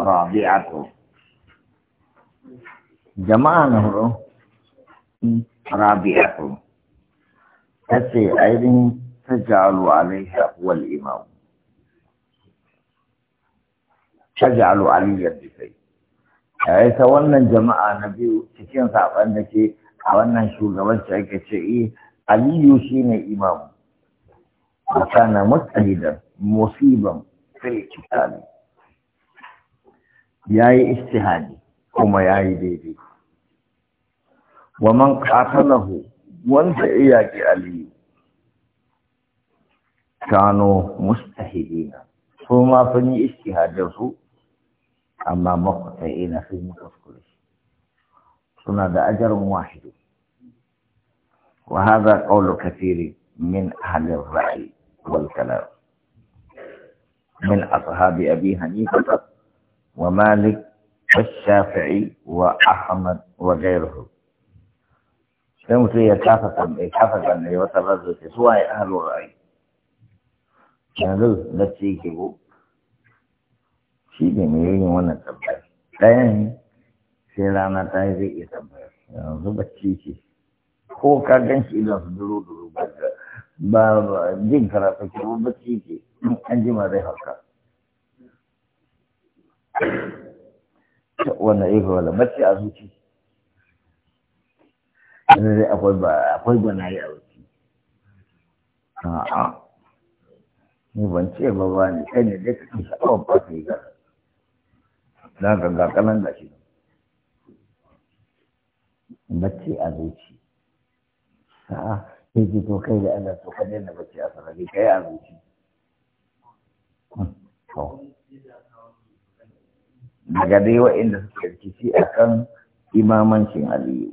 رابعته جماعة نهرو رابعة تسي أيضا تجعل عليها هو الإمام تجعل عليها الدفاع أيضا وانا جماعة نبي تكين صعب أنك وانا شو قبل شعيك شعي علي شين إمام وكان مجتهدا مصيبا في الكتاب ya yi istihadi kuma ya yi daidai wa man wanda ya ke aliyu kano mustahidina su ma sun yi istihadin su amma na sun yi kuskure suna da ajarin wahidu wa haza ƙaunar kafiri min halin ra'ayi wal kalar. min ashabi abi hanifa ومالك والشافعي وأحمد وغيره سمتي كافتا إيه، كافتا يعني يتردد سواء أهل الرأي نلو نتيك بو شيء ميرين وانا تبعي تاين سيرانا تايري يتبعي yanzu ba ce ce ko ka gan shi idan su duro duro ba ba jin karatu wannan ihu wala bacci a zuci yanzu dai akwai ba akwai gwanaye a zuci a'a ni ban ce ba ba ne kai ne dai kake sha'awar ba ka yi gara ganga kanan da shi bacci a zuci a'a sai ji to kai da Allah to ka daina bacci a sarari kai a zuci hmm, to daga dai wa'inda suke rikici a kan imamancin aliyu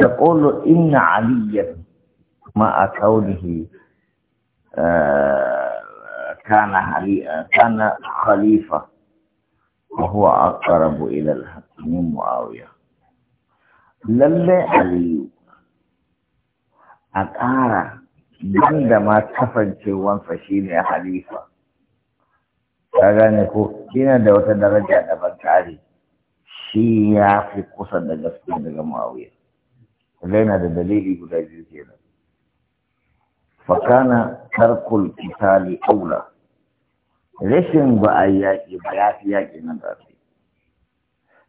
ta ƙolo inna aliyyar ma a kaunihi eh, kana khalifa wa huwa aqrabu ila al-haqq min lalle aliyu a ƙara dan da ma kafancewan fashi ne halifa ka gane ko yana da wata daraja daban kare shi ya fi kusa da gaske daga ma'auya yana da dalili guda biyu kenan fakana tarkul kitali aula rashin ba a yaƙi ba ya fi yaƙi nan da su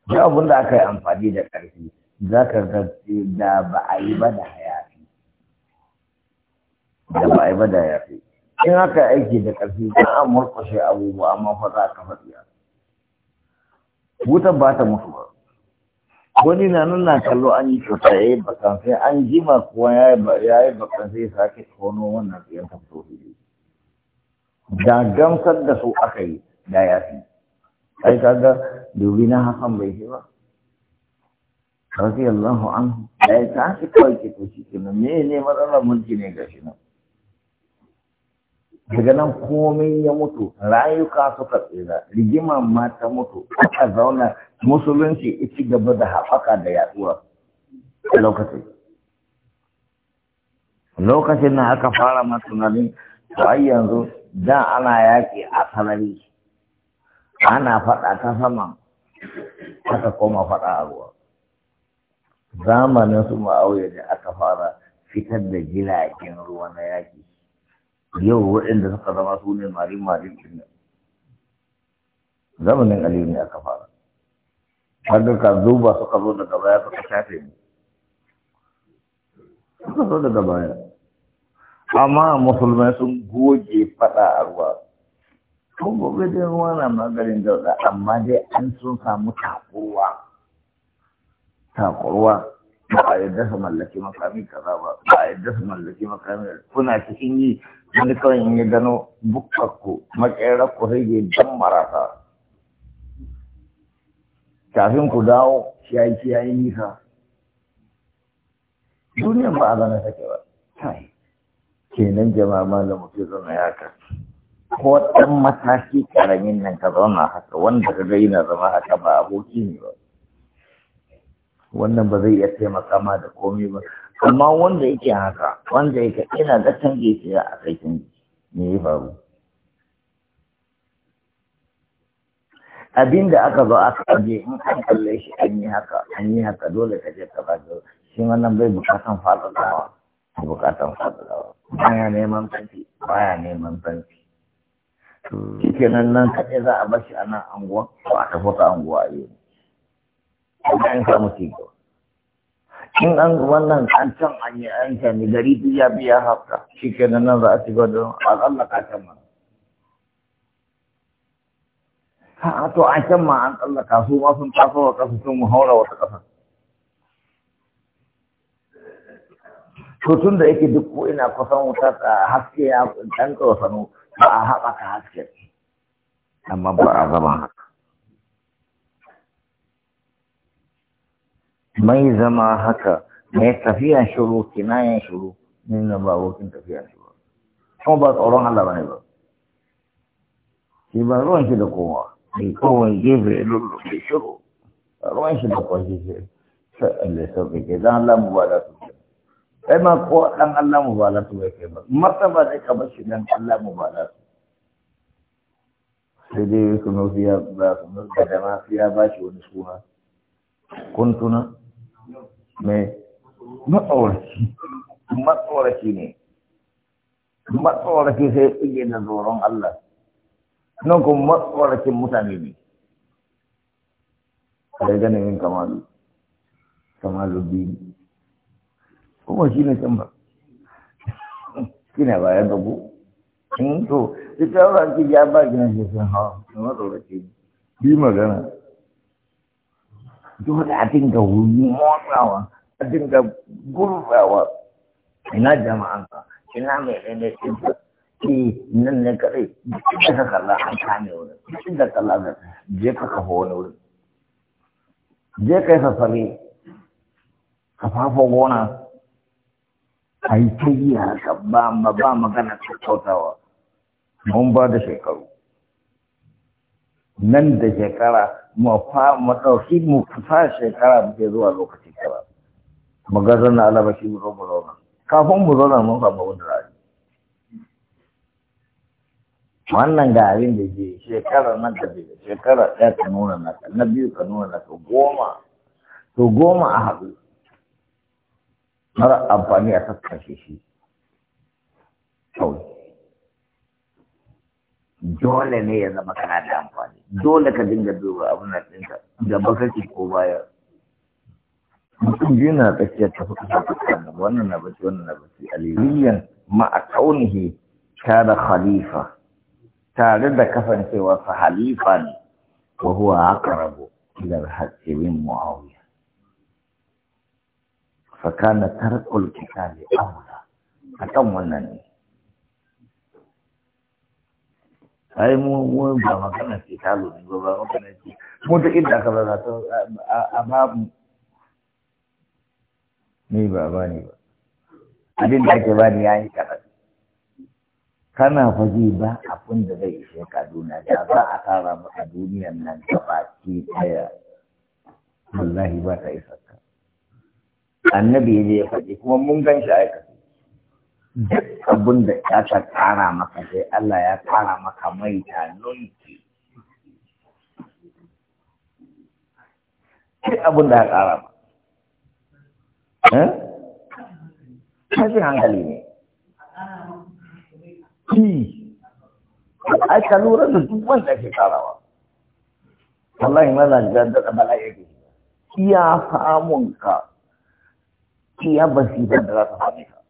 duk abin da aka yi amfani da ƙarfi za ka gaske da ba a yi ba da hayafi da ba a yi ba da hayafi in haka aiki da ƙarfi za an murƙushe abubuwa amma fa za ka faɗi wutar ba ta mutu ba wani na nan na kallo an yi kyauta ya yi bakan sai an jima kuwa ya yi bakan sai sake tono wannan tsayen ta fito fili da gamsar da su aka yi da ya fi ai kaga dubi na hakan bai shi ba radiyallahu anhu da ya tashi kawai ke to shi ne matsalar mulki ne ga shi nan daga nan komai ya mutu rayuka suka tsira rigima ma ta mutu aka zauna musulunci ci gaba da haɓaka da yaduwa a lokacin lokacin na aka fara ma to ai yanzu da ana yaƙi a sanari ana faɗa ta sama aka koma faɗa a ruwa zamanin su ma'auya da aka fara fitar da jiragen ruwa na yaƙi yau waɗanda suka zama su ne mari mari ɗin nan zamanin aliyu ne aka fara haka ka zuba suka zo daga baya suka shafe mu suka zo daga baya amma musulmai sun goge faɗa a ruwa sun gobe da ruwa na magarin dauda amma dai an sun samu takurwa takurwa ba a yadda su mallaki makami kaza ba ba a yadda su mallaki makami kuna cikin yi wani kawai in yi gano bukkakku makera ku rage dan marasa kafin ku dawo shi ya yi ya yi nisa duniyan ba a zana take ba kenan jama'a malamu ke zama ya kasu ko ɗan mataki ƙaramin nan ka zauna haka wanda ka ga yana zama haka ba aboki ne ba wannan ba zai iya taimaka ma da komai ba amma wanda yake haka wanda yake ina da tange shi a kai canji me ya faru abin da aka zo aka aje in an kalle shi an yi haka an yi haka dole ka je ka ba da shi wannan bai bukatan fadadawa bai bukatan baya neman fanti baya neman shi nan kaɗai za a bashi a nan anguwa ko a tafi ta anguwa a yi kuma an samu cigaba in an wannan an can an yi an gari biya ya biya hafta shi ke nan za a ci gado Allah ka can ma ha to a can ma an tsallaka su ma sun taso wa sun mu haura wata ƙasa to tun da yake duk ko ina kusan wuta haske ya ɗan sanu ba a haɓaka haske amma ba a zama mai zama haka mai tafiya shuru kinayen shuru ni na ba abokin shuru kuma ba tsoron Allah bane ba shi ba ruwan shi da kowa mai kowai gefe lullu mai shuru ruwan shi da kowa gefe sai Allah sauƙi ke zan Allah mu ba da su kai ma ko dan Allah mu ba su bai kai ba martaba zai ka bar shi dan Allah mu ba su. sai dai su nufiya ba su nufiya da ma fiya ba shi wani suna kuntuna Me mai matsoraci matsoraci ne matsoraci sai tsige da tsoron Allah nan kuma matsoracin mutane ne sai ganin yin kamalu kamalu biyu kuma shi ne can ba shi ba ya gabu in hmm, to ita ba ki ya ba gina shi sun hawa matsoraci bi magana dole a dinga motsawa a dinga gurbawa ina jama'an ka ina mai ɗaya ne ke nan ne kaɗai da ka kalla an kame wurin duk da kalla da je ka kafa wani wurin je ka yi sassare ka fafa gona a yi ta yi haka ba magana ta kyautawa mun ba da shekaru nan da shekara mu fa mu dauki mu fa shekara muke zuwa lokaci kaza mu ga zanna ba shi mu zo mu zauna kafin mu zauna mun mu da za wannan ga abin da ke shekara nan da biyu shekara ɗaya ka nuna naka na biyu ka nuna naka goma to goma a haɗu mara amfani a kaskashe shi kawai dole ne ya zama kana da amfani dole ka dinga duba abin nan ɗinka gaba kake ko baya mutum biyu na tsakiyar ta fuka ta fuka wannan na bace wannan na bace aliyyan ma a kaunihi tare khalifa tare da kasancewa sa halifa ne wa huwa aqrabu ila al-haqqi min muawiya fa kana tarqul kitabi amra akan wannan ne ai mu mu ba magana ce ta lura ba ba magana ce mu duk inda aka zaza ta a babu ni ba ba ni ba abin da ake bani ya yi kaɗan kana fage ba abin da zai ishe kaduna da za a tara maka duniyan nan ta baki ɗaya wallahi ba ta isa ka annabi ya je ya faɗi kuma mun gan shi aika duk abin da ya ta kara maka sai Allah ya kara maka mai ta nunki duk abin da ya kara ma tashin eh? hankali ne ki ai ka lura da duk wanda ke karawa wallahi maza da da bala'i ke iya samun ka iya basira da za ta same ka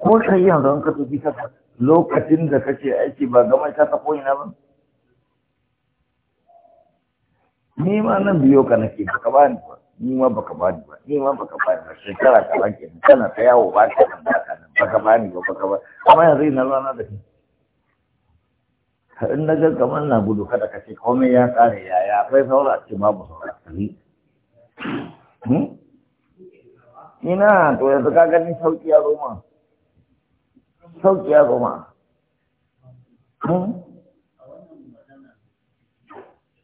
ko ka yi an ka tafi ka lokacin da kake aiki ba gama ta ta koyi na ba ni ma nan biyo ka nake Ba ba ni ba ni ma baka ba ni ba ni ma baka ba ni ba shekara ka lanke ni kana ta yawo ba ka nan ba ka nan baka ba ni ba baka bani. amma yanzu ina rana da shi in na ga kamar na gudu kada ka ce komai ya kare ya ya akwai saura cikin babu saura hmm? ina to yanzu ka gani sauki ya zo ma Saukiya ya goma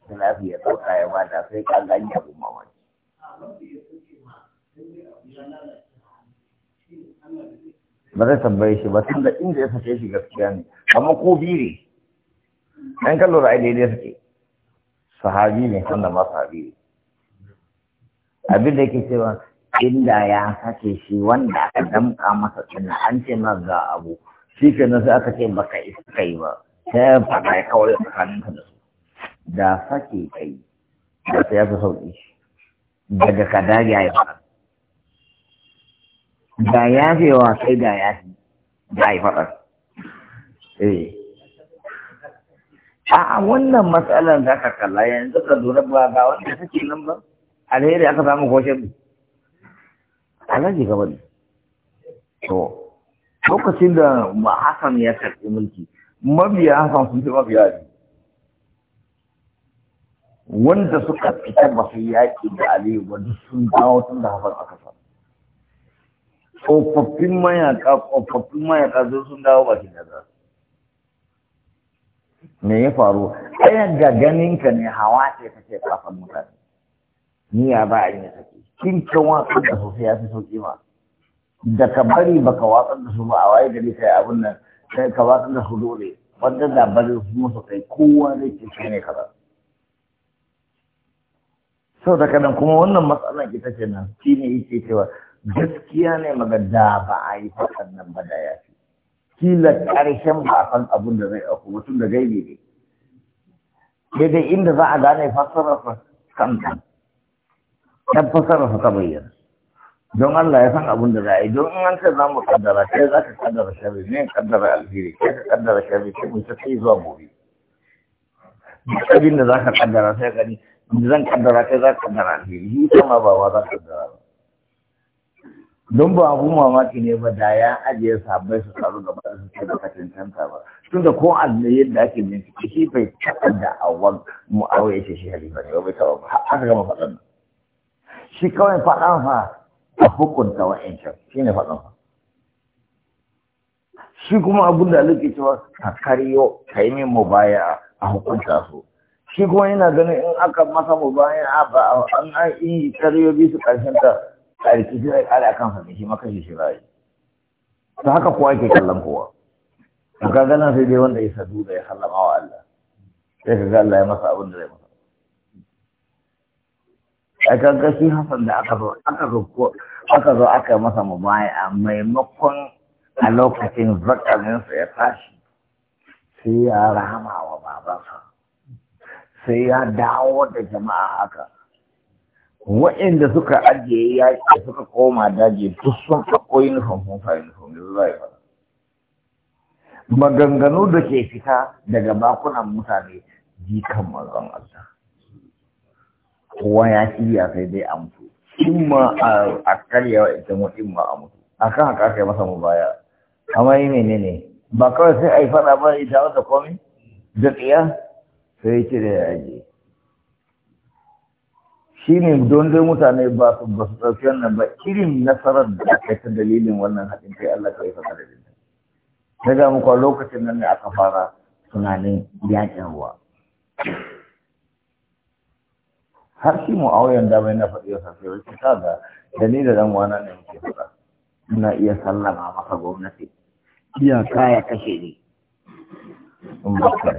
Sinafi hmm? ya ɗauka ya bada sai ka gani abu mamaki. Ba zai tambaye shi ba, tun da inda ya sake shi gaskiya ne, amma ko biri. Ɗan kallo da daidai suke, sahabi ne, sanda ma sahabi ne. Abin da yake cewa inda ya sake shi wanda aka damka masa tana an ce ma ga abu shi ke nan aka ce baka isa kai ba ta ya faɗa ya kawai ka da su da sake kai da ta ya fi sauƙi daga ka dage ya faɗa da ya fi wa sai da ya fi da ya faɗa eh a wannan matsalar da ka kalla yanzu ka lura ba ga wanda suke nan ba alheri aka samu ko shirin alhaji gaba ne to lokacin da Hassan ya karɓi mulki mabiya Hassan sun fi mabiya ne wanda suka fitar ba su yaƙi da Aliyu ba duk sun dawo tun da Hassan aka sa tsofaffin mayaka tsofaffin mayaka zai sun dawo ba shi gaza me ya faru ɗaya ga ganinka ne hawa ce ce kafan mutane niya ba a yi tafi. kin kan watsar da su ya fi sauki ma da ka bari ba ka watsar da su ba a waye gari kai abin nan sai ka watsar da su dole wanda da bari su musu kai kowa zai ke shi ne kaza sau da kadan kuma wannan matsalar ita ce nan shi ne yake cewa gaskiya ne maga da ba a yi faɗan nan ba da ya fi kila ƙarshen ba a san abin da zai auku mutum da gaibe ne daidai inda za a gane fassarar kan tabbatar da ta bayyana don Allah ya san abin da za a yi don an ce za mu kaddara ke za ka kaddara sharri ne kaddara alheri ke ka kaddara sharri ke mun ta sai zuwa gobe duk abin da za ka kaddara sai gani zan kaddara kai za ka kaddara alheri shi ma ba wa za ka kaddara ba don ba abu mamaki ne ba da ya ajiye sabai su taru gaba da su ce baka cancanta ba tun da ko a yadda ake bincike shi bai taɓa da awon mu'awai ya ce shi halifa ne ba bai taɓa ba har aka gama faɗan nan shi kawai fa a hukunta wa'ancan shi ne fa shi kuma abin da alaƙi cewa ka karyo ka yi min mubaya a hukunta su shi kuma yana ganin in aka masa mubaya a ba an an yi karyo bi su ƙarshen ta a shi zai ƙare a kan ne shi maka shi shi ta haka kowa ke kallon kowa ka gana sai dai wanda ya sadu da ya sallama wa Allah sai ka ga Allah ya masa abin da zai masa a gaggashin Hassan da aka zo aka zo aka zo masa mubaya maimakon a lokacin zakarinsa ya tashi sai ya rahama wa babansa sai ya dawo da jama'a haka wa'inda suka ajiye yaƙi suka koma daji duk sun ɗauko uniform sun sa yanzu za fara maganganu da ke fita daga bakunan mutane jikan mazan Allah kowa ya shirya sai dai a mutu in ma a karya wa ita mu in ma a mutu a kan haka aka yi masa mu baya amma yi ne ba kawai sai a yi faɗa ba ita wata komi da tsiya sai ce da ya je shi ne don dai mutane ba su ba su ɗauki wannan ba irin nasarar da aka yi ta dalilin wannan haɗin kai Allah ka yi fasa da dinta. Na ga muku kwa lokacin nan ne aka fara tunanin yaƙin ruwa. har shi mu auren da bai na faɗi wa sarki wai kita da da ni da dan wana ne muke faɗa ina iya sallama masa gwamnati iya kaya kashe ni in ba ka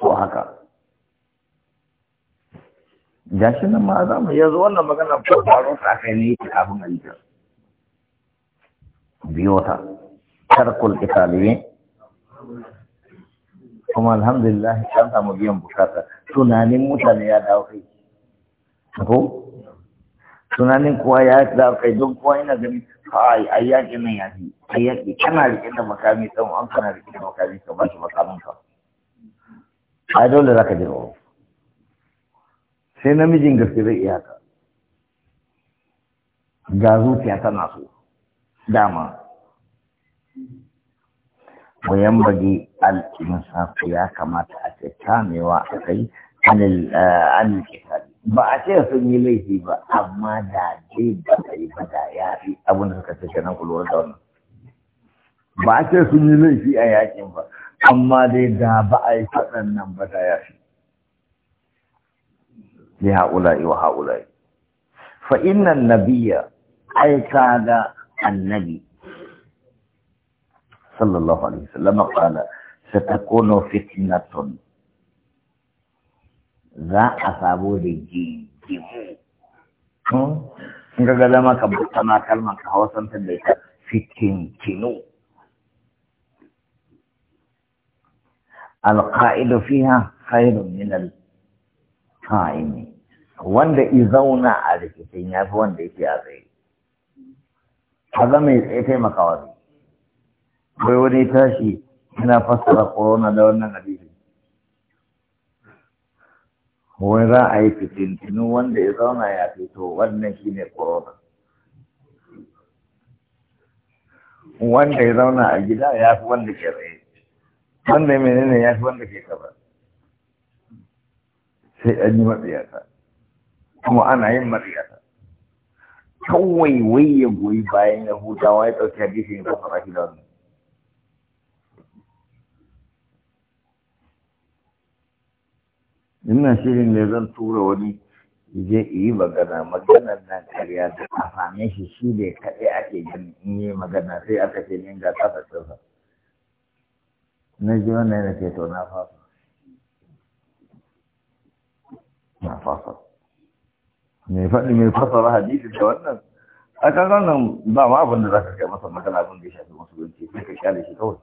to haka gashi nan ma za mu yanzu wannan magana ko faru ta kai ne yake abin alita biyota tarkul italiyin kuma alhamdulillah an samu biyan bukata tunanin mutane ya dawo kai ko tunanin kuwa ya dawo kai don kuwa yana gani ai ai yaƙi nan ya fi ai ji kana riƙe da makami ɗan an kana riƙe da makami ka ba shi makamin ka ai dole za ka jira sai namijin gaske zai iya ka ga zuciya tana so dama ويم بغي الانفاق يا كما تتكاموا a kai عن الكتاب eh, ba a ce sun yi laifi ba amma da ce ba ta yi bada ya fi abin da suka ce ke nan kulwar da wannan ba a ce sun yi laifi a yakin ba amma dai da ba a yi faɗan nan ba da ya fi ne haƙulai wa haƙulai fa'in nan na biya aika ga annabi صلى الله عليه وسلم قال ستكون فتنة ضعف وجيهم هم قد لما كبرتنا كلمة حوصاً تبقى فتن كنو القائد فيها خير من القائم وند إذونا عليك سينا فوند إتياري هذا ما إتيما قواري wai wani tashi yana fassara korona da wannan hadisi wai za a yi fitintinu wanda ya zauna ya fito wannan shi ne korona wanda ya zauna a gida ya fi wanda ke tsaye wanda menene ya fi wanda ke kaba sai an yi matsiyata kuma ana yin matsiyata kawai wai ya goyi bayan yahudawa ya ɗauki hadisi ya fassara shi da wannan ina shirin ne zan tura wani je yi magana maganar na karya da a shi shi ne kaɗai ake gani in yi magana sai aka ce min ga kafa tsofa na ji wannan yana ce to na fafa na fasa. me faɗi me fasa ra hadisi da wannan a kan wannan ba ma abin da za ka kai masa magana abin da ya shafi musulunci sai ka kyale shi kawai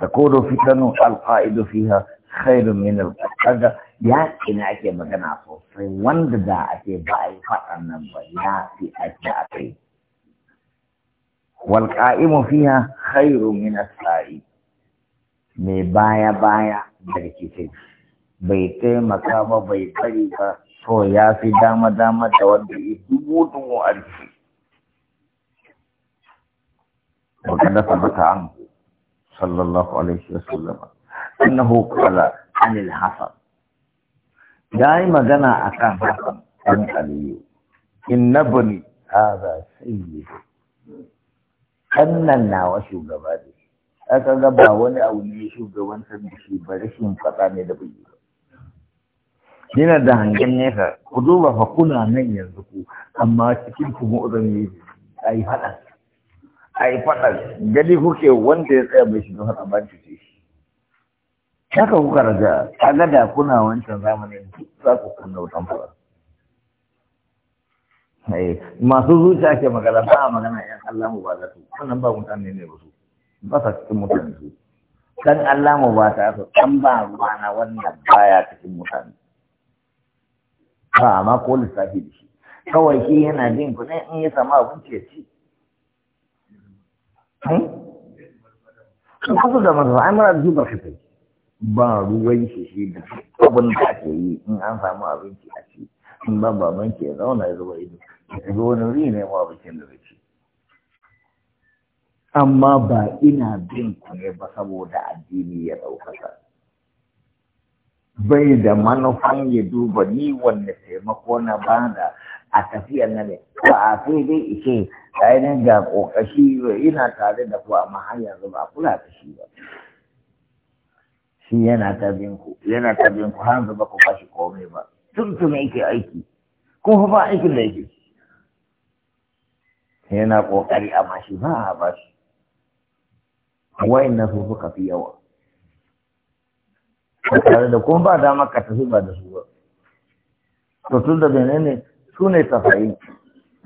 ta kodo fitanu alfa'idu fiha خير من القدر يا إن أكي مغنى فوصي واند دا أكي باي فأنا بيا في أجاتي والقائم فيها خير من السائي مي بايا بايا بركي في بيتي مكابا بيتي فو يا في داما داما تودي إبوت مؤرسي وكذا ثبت عنه صلى الله عليه وسلم annahu qala anil hasan dai magana akan hasan an aliyu inna bani hadha sayyid na nawa shugaba ne aka ga ba wani abu ne san da shi ba rashin fada ne da bai yana da hangen nesa ku duba fa kuna nan yanzu ku amma cikin ku mu'azan ne ai fada ai fada gadi kuke wanda ya tsaya mai shi don haka shi haka kuka raja kaga da kuna wancan zamanin za ku kunna wutan fara eh, masu zuciya ke magana ba a magana yan Allah mu ba za su wannan ba mutane ne ba su ba sa cikin mutane su Kan Allah mu ba ta su kan ba na wannan baya cikin mutane ba ma ko lissafi da shi kawai shi yana jin ku ne in yi sama abin ke ci hmm? kasu da masu ai mara zubar kafai ba ruwan shi da abin da ake yi in an samu abinci a ci in ba baban ke zauna ya zuba ido ya zo wani wuri ne ma abincin da zai ci amma ba ina bin ku ne ba saboda addini ya ɗaukaka bai da manufan ya duba ni wanne taimako na bada a tafiyar na ne ba a sai dai ishe ainihin ga ƙoƙashi ina tare da ku amma har yanzu ba kula da shi ba shi yana ta ku yana ta ku har yanzu ba ku bashi komai ba tun yake aiki kuma ba aikin da yake yana kokari amma shi ba a bashi wayan na su suka fi yawa tare da kuma ba dama ka tafi ba da su ba to tun da ne su ne tafayin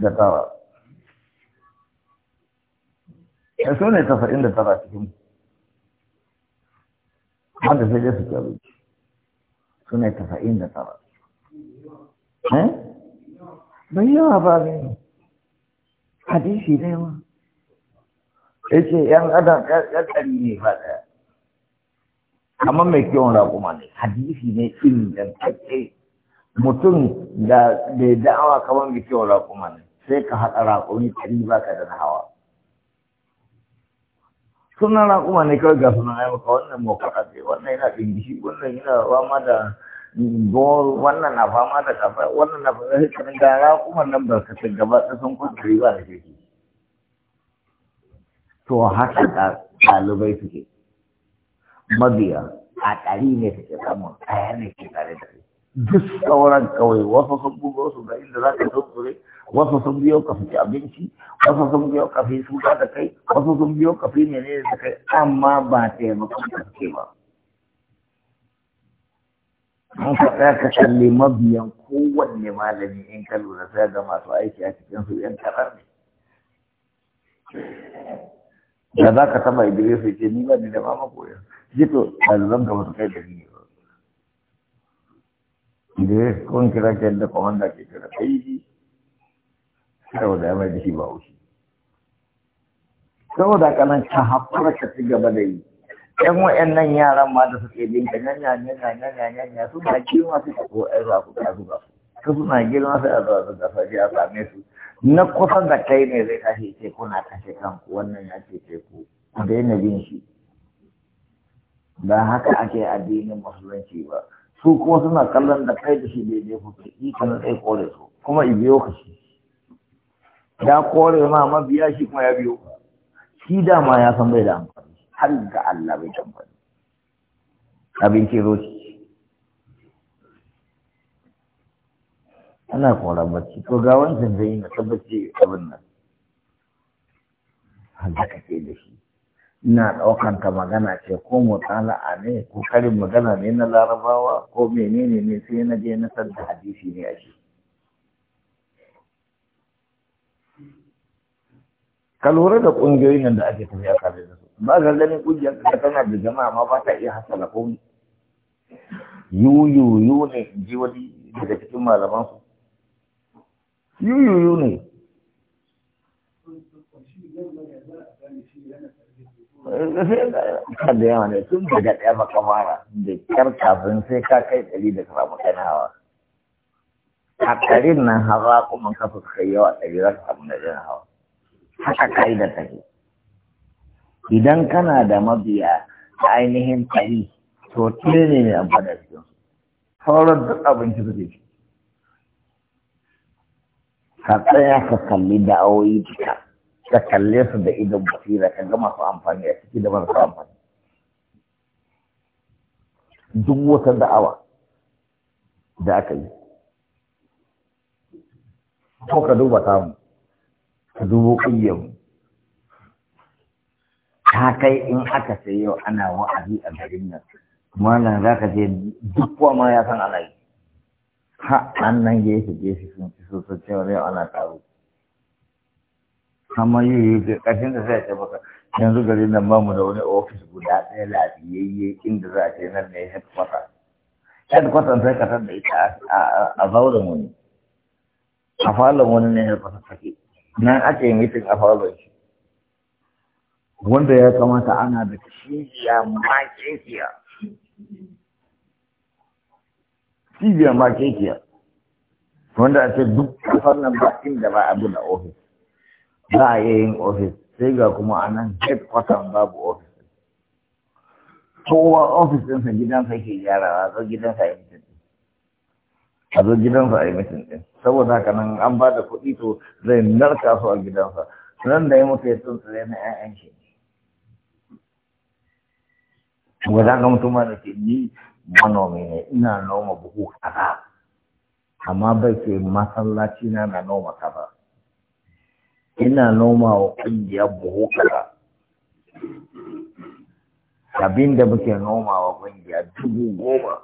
da tara su ne tafayin da tara cikin wanda sai dai su ci abinci su ne tasa'in da tara eh? bai yawa ba ne hadisi ne ma ya ce yan adam ƙarƙari ne ba ɗaya amma mai kiwon raƙuma ne hadisi ne ingantacce mutum da bai da'awa kamar mai kiwon raƙuma ne sai ka haɗa raƙumi ɗari ba ka da hawa suna na kuma ne kawai ga suna ya maka wannan mokara ce wannan yana ɗingishi wannan yana fama da gowar wannan na fama da kafa wannan na fama da kanin ga kuma nan ba ka ta gaba ta sun kwanta riba da shi to haka da ɗalibai suke mabiya a ɗari ne suke samun ɗaya ne ke tare da su duk sauran kawai wasu sun buga wasu ga inda za ka zo ture wasu sun biyo ka fice abinci wasu sun biyo ka fi suka da kai wasu sun biyo ka fi mene da kai amma ba taimakon ka ce ba an faɗa ka kalli mabiyan kowanne malami in ka lura sai ga masu aiki a cikin su yan karar ne da za ka taba idris su ce ni ba ni da mama koyar jito zan ga wasu kai da ni ba idris kun kira ke da kwamanda ke kira kai saboda yamar da shi ba wuce saboda kanan ka haƙura ka ci gaba da yi ƴan wa'annan yaran ma da suke bin ka nyanya nyanya nyanya nyanya suna girma su ko ai za ku ka zuba su suna girma sai a zuwa su da faji a same su na kusa da kai ne zai kashe ce kuna kashe kanku wannan ya ce ce ku ku daina bin shi ba haka ake addinin musulunci ba su kuma suna kallon da kai da shi daidai ku ke ikon tsaye kore su kuma ibiyo ka shi ya kore ma mabiya shi kuma ya biyo shi dama ya san bai da amfani har ga Allah bai abin abinci roci ana kora bacci to ga wancan zai yi na tabbaci abin nan haka kake da shi ina ɗaukan ta magana ce ko mutala'a ne ko karin magana ne na larabawa ko menene ne sai na je na sadda da hadisi ne a shi ka lura da ƙungiyoyin nan da ake tafiya tare da su ba ga ganin ƙungiyar ka tana da jama'a ma ba ta iya hasala komai yuyuyu ne ji wani daga cikin malaman su yuyuyu ne kan da yawa ne tun daga ɗaya maka fara da kyar kafin sai ka kai ɗari da kama kana hawa a ɗarin nan hawa kuma ka kai yawa ɗari za ka samu na hawa haka da take idan kana da mabiya a ainihin tari to tire ne mai amfani da su sauran duk abinci zai ci ka tsaya ka kalli awoyi duka ka kalle su da idon basira ka ga masu amfani a ciki da marasa amfani duk wata da'awa da aka yi ko ka duba samu ka dubo ƙuyyar ta kai in aka sai yau ana wa'azi a garin nan kuma nan za ka je duk ma ya san ana yi ha an nan gefe gefe sun ci so sun cewa yau ana taro amma yi yi da ƙarshen da zai ce baka yanzu garin nan ba mu da wani ofis guda ɗaya lafiyayye inda za a ce nan ne headquarter headquarter sai ka san da ita a zauren wani a falon wani ne headquarter take nan ake mitin a faruwar shi wanda ya kamata ana da cibiya makekiya cibiya makekiya wanda a ce duk kafar nan ba inda ba abu na ofis za a iya yin ofis sai ga kuma a nan headquarter babu ofis kowa ofis ɗinsa gidansa ke gyarawa ko gidansa yin a zo gidansa a yi mitin ɗin saboda haka nan an ba da kuɗi to zai narka su a gidansa nan da ya mutu ya tsuntsure na 'ya'yan shi wanda ga mutum ma da ke ni manomi ne ina noma buhu kaza amma bai ke masallaci na na noma kaza ina noma wa ƙungiyar buhu kaza abinda muke noma wa ƙungiya dubu goma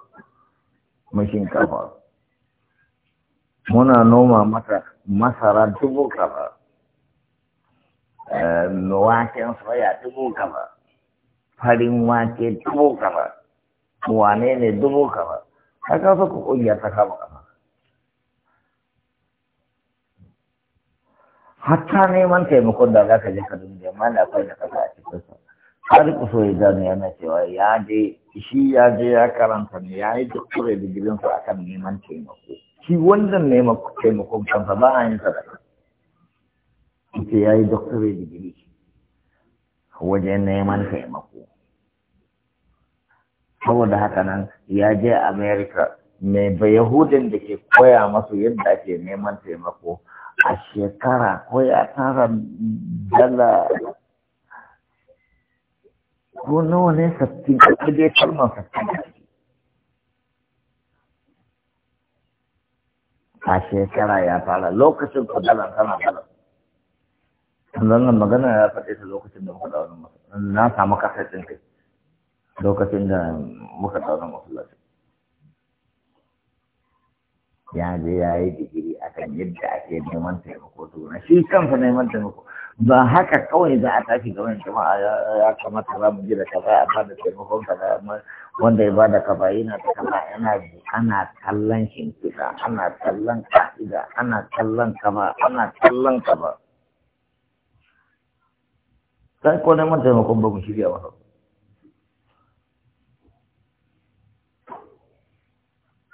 mashin kafa muna noma mata masara dubu kaza eh, waken soya dubu kaza farin wake dubu kaza wane ne dubu kaza haka su ku kungiyar ta kama kaza hatta neman taimakon da za ka je ka duniya mana akwai da kasa a cikin sa har ku so ya gano yana cewa ya je shi ya je ya karanta ne ya yi dukkan rigirin su akan neman taimako shi wannan ne taimakon kansa ba a yin sadaka ita ya yi doctorate degree wajen neman taimako saboda haka nan ya je america mai yahudin da ke koya masu yadda ake neman taimako a shekara ko ya tara dala ko nawa ne sattin ko dai kalmar sattin a shekara ya fara lokacin kudalar tana fara sannan magana ya faɗe ta lokacin da muka ɗaunar masu na samu kasashen kai lokacin da muka masu masallaci ya je ya yi digiri a kan yadda ake neman taimako tuna shi kansa neman taimako ba haka kawai za a tafi ga wani jama'a ya kamata za mu ji da kaza a bada taimakon kaza amma wanda ya bada kaza yana da kaza yana ji ana kallon shimfiɗa ana kallon ka'ida ana kallon kama ana kallon kama sai ko neman taimakon ba mu shirya ba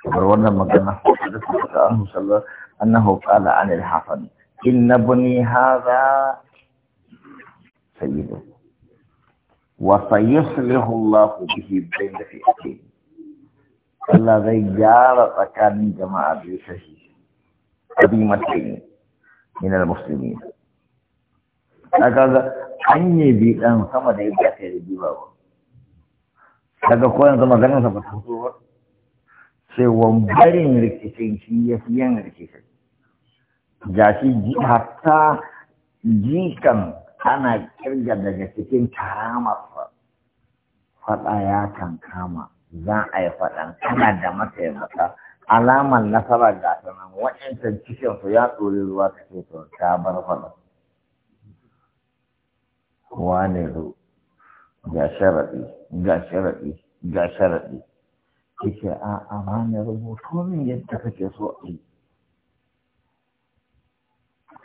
kamar wannan magana da suka ka'an musallar, annahu qala anil hafan inna bani hadha sayyidu wa sayuslihu Allah bihi bayna fi'ati Allah zai gyara tsakanin jama'a biyu sahi abi matsayi min al-muslimin kaga an yi bi dan sama da yadda kai da ba daga ko yanzu maganar sa ba ta fito ba sai rikicin shi ya fi yan rikicin hatta jikan ana kirga daga cikin karamar faɗa ya kan kama za a yi faɗan kana da mataimaka alamar nasarar ta nan wa'yancan cikinsu ya tsori ruwa ta ce ta bar faɗa wane ru ga sharaɗi ga sharaɗi ga sharaɗi kike a amana rubutu min yadda kake so a yi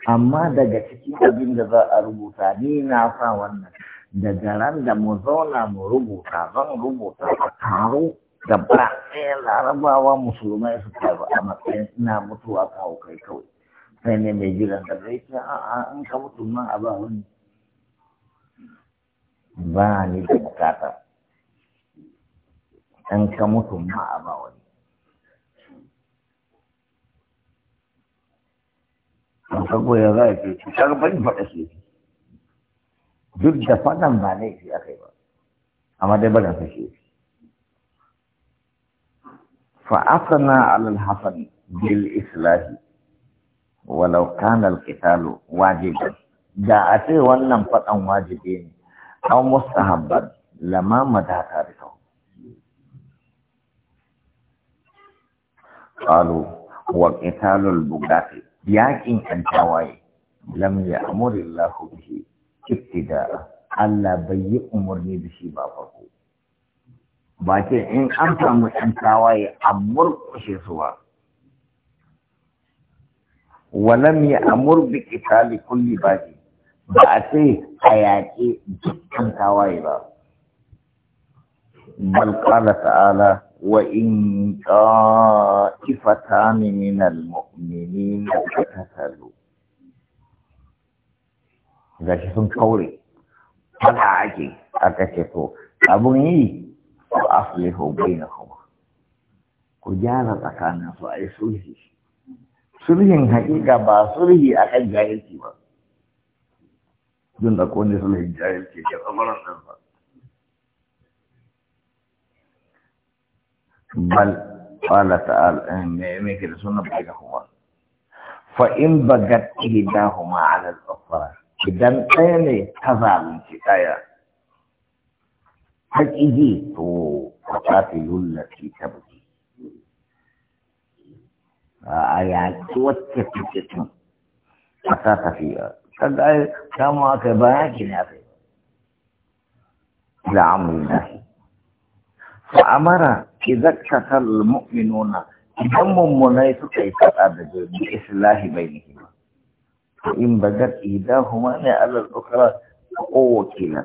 amma daga cikin abin da za a rubuta ni na sa wannan daga ran da mu zauna mu rubuta zan rubuta a taro gaba ɗaya larabawa musulmai su taru a matsayin ina mutuwa kawo kai kawai sai ne mai jiran da zai ce a'a in ka mutu ma a ba wani ba ni da bukata in ka mutu ma a ba wani an kago ya za ke ci kaga bari faɗa duk da faɗan ba laifi aka yi ba amma dai bari aka shi fa'asana alal hasan bil islahi walau kana al-qitalu wajiban da a ce wannan faɗan wajibi ne an mustahabban lama mata tarifa قالوا وقتال البغاة yakin ƴan tawaye lam ya amurillahu bihi Allah bai yi umarni da shi ba farko ba ce in an samu ƴan tawaye a murƙushe su ba walam ya amur bi qitali kulli baji ba a ce a yaƙi dukkan tawaye ba bal qala ta'ala وإن طائفتان من المؤمنين اقتتلوا ga shi sun kaure fada ake aka ce to abun yi ko aslihu bainakum ku gyara tsakanin su a yi sulhi sulhin hakika ba sulhi a kan jahilci ba jin da kone sulhin jahilci ke tsamaran ɗansa بل قال تعالى آه، ميكي سنة بينهما فإن بغت إهداهما على الأخرى إذن أين تظالم شكاية فإذي تو فقاتل التي تبكي آيات توتك وتكتكتن أتاتا فيها كما كباكي نافي لعمل الله فأمر إذا كفى المؤمنون كم مناي كيف أدج بإصلاح بينهما فإن بدت إيداهما على الأخرى فأوكلا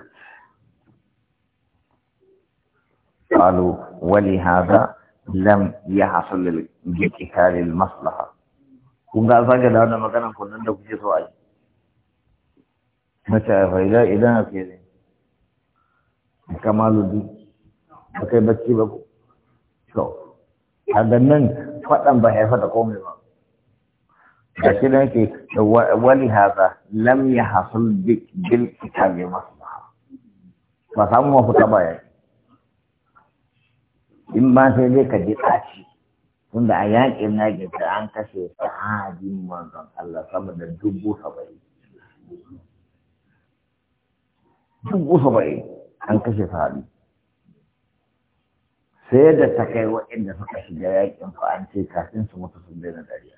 قالوا ولهذا لم يحصل لكتاب المصلحة كنت قال لأنا ما كان أقول لك في سؤال متى فإذا إذا أفاق كمال الدين ba kai bacci ba ku to a nan ba haifa da komai ba da shi da yake wani haza lam ya hasul bil kitabi ma ba samu mafita ba ya in ba sai dai ka ji tsaci tunda a yakin na gida an kashe sahabin manzon Allah sama da dubu saba'in dubu saba'in an kashe sahabi sai da ta kai waɗanda suka shiga yakin fa an ce kafin su mutu sun daina dariya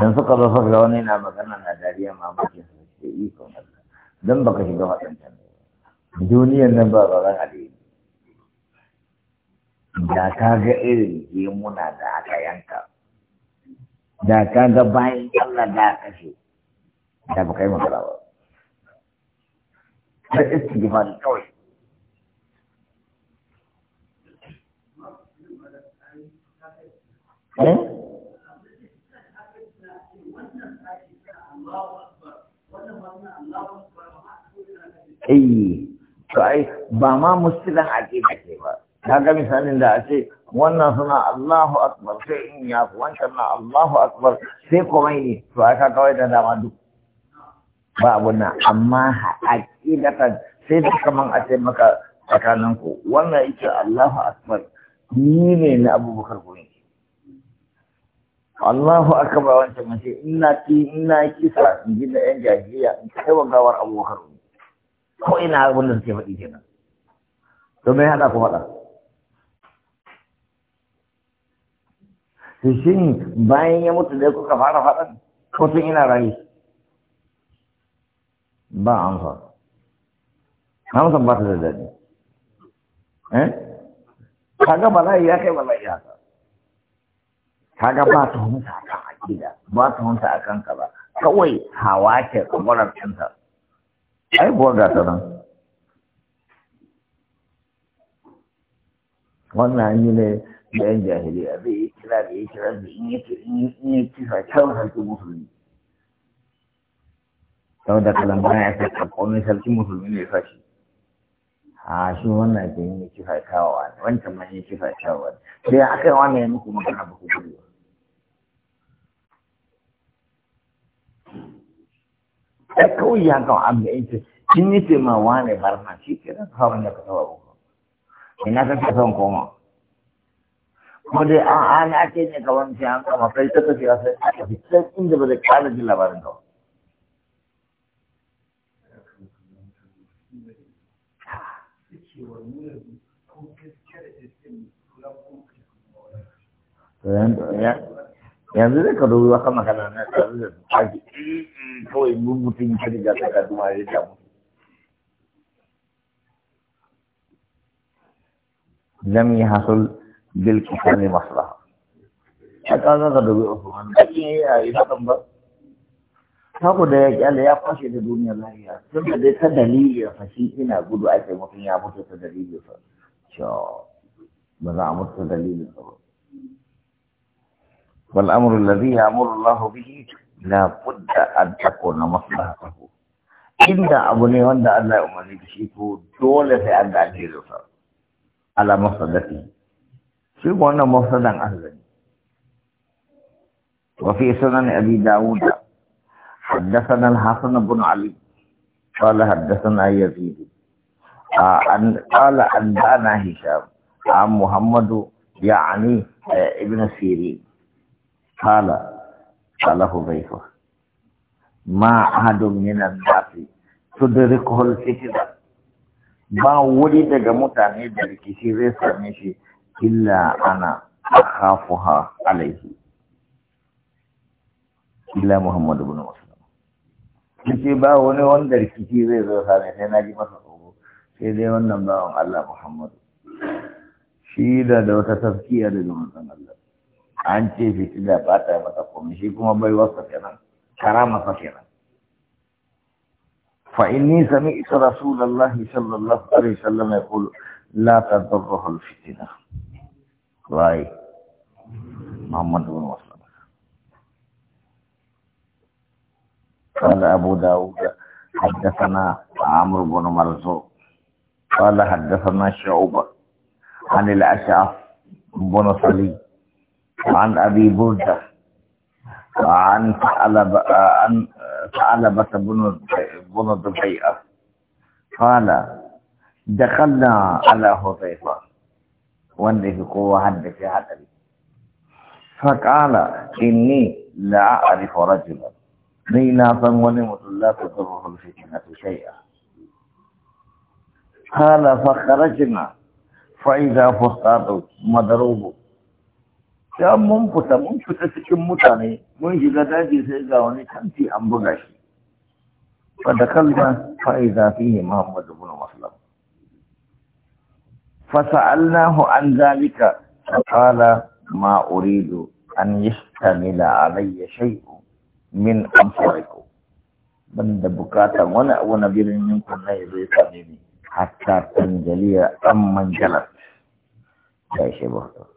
Don suka zo suka ga wani na magana na dariya mutum su ce ikon Allah dan baka shiga waɗancan duniyar nan ba ba ran alheri da ka ga irin gemuna da aka yanka da ka ga bayan Allah da kashe da baka yi magana ba sai istighfar kawai Eh? to ai ba ma musulun aƙida ke ba. Ta ga misalin da a ce wannan suna Allahu Akbar sai in ya fi wancan na Allahu Akbar sai komai ne to aka kawai da dama duk. Ba abu na amma aƙidatan sai da kaman a ce maka tsakaninku wannan ita Allahu Akbar ni ne na abubakar gobe. Allahu akbar wancan mace ina ki ina kisa in ji da yan jahiliya in kai wa gawar abokar ko ina abin da suke faɗi kenan to me hada ku faɗa shin bayan ya mutu dai kuka fara faɗan ko tun ina rayu ba amsa amsa ba ta da daɗi eh kaga bala'i ya kai bala'i haka kaga ba ta hunta a kan akida ba ta hunta a kan kaza kawai hawa ke kamarar cinta ai buwa ga ta nan wannan yi ne da yan jahiliya zai yi kira da yi kira da yi yi da yi kira musulmi sau da kalambana ya sai kakkomin sarki musulmi ne fashi a shi wannan ke yi kisa kyawawa ne wancan ma yi kisa kyawawa ne sai aka yi wannan ya muku magana ba ku gudu ai kawai ya ga abu ya ce kin yi ce ma wane na shi ke nan kawai da ka taba boko ina ka ke son koma ko dai an an ake ne ka wani an kama kai ta tafiya sai aka fi can inda ba zai kala jin labarin ka Yeah. yanzu zai ka dubi wata magana na tsari da tsaki kawai mun mutum ka riga ta ka duma ya damu lam yahsul bil kisani maslaha haka za ka dubi Usman da kin yi a yi kan ba Haku da ya kyale ya fashe da duniyar lafiya sun da dai ta dalilin fashi ina gudu ake mutum ya mutu ta dalilin sa. Cewa ba za a mutu ta dalilin sa ba. والأمر الذي يأمر الله به لا بد أن تكون مصلحته عند أبو نيوان الله أمني بشيكو دولة في أن أجيله على مصدته شو قلنا مصدن أهلا وفي سنن أبي داود حدثنا الحسن بن علي قال حدثنا يزيد آه، أن قال أنبأنا هشام عن محمد يعني آه، ابن سيرين قال قال حذيفة ما أحد من الناس تدركه الفتنة ba wuri daga mutane da rikici zai same shi illa ana akhafuha alaihi illa muhammadu bin muslim kici ba wani wanda rikici zai zo same sai na ji masa tsoro sai dai wannan bawan Allah muhammadu shi da da wata tafkiya daga manzon Allah an ce fitila ba ta yi mata komai shi kuma bai wasa kenan karama fa kenan fa inni sami'tu rasulullahi sallallahu alaihi wasallam yaqulu la tadurruhu al-fitna wai Muhammad bin Wasallam قال أبو داود حدثنا عمرو بن مرزوق قال حدثنا شعوبة عن الأشعث بن صليب عن أبي بردة عن ثعلبة عن ثعلبة بن بن الضبيعة قال دخلنا على حذيفة وانه قوة في حدث فقال إني لا أعرف رجلا قيل فانغنمت لا تضره الفتنة شيئا قال فخرجنا فإذا فصاد مضروب sai mun fita mun fita cikin mutane mun shiga daji sai ga wani kanti an buga shi fa da kalma fa iza fihi muhammad ibn maslam fa sa'alnahu an zalika fa qala ma uridu an yastamila alayya shay'u min amsarikum ban da bukata wani abu na birnin yankun na yanzu ya same ni hatta tanjaliya an manjalar ta shi ba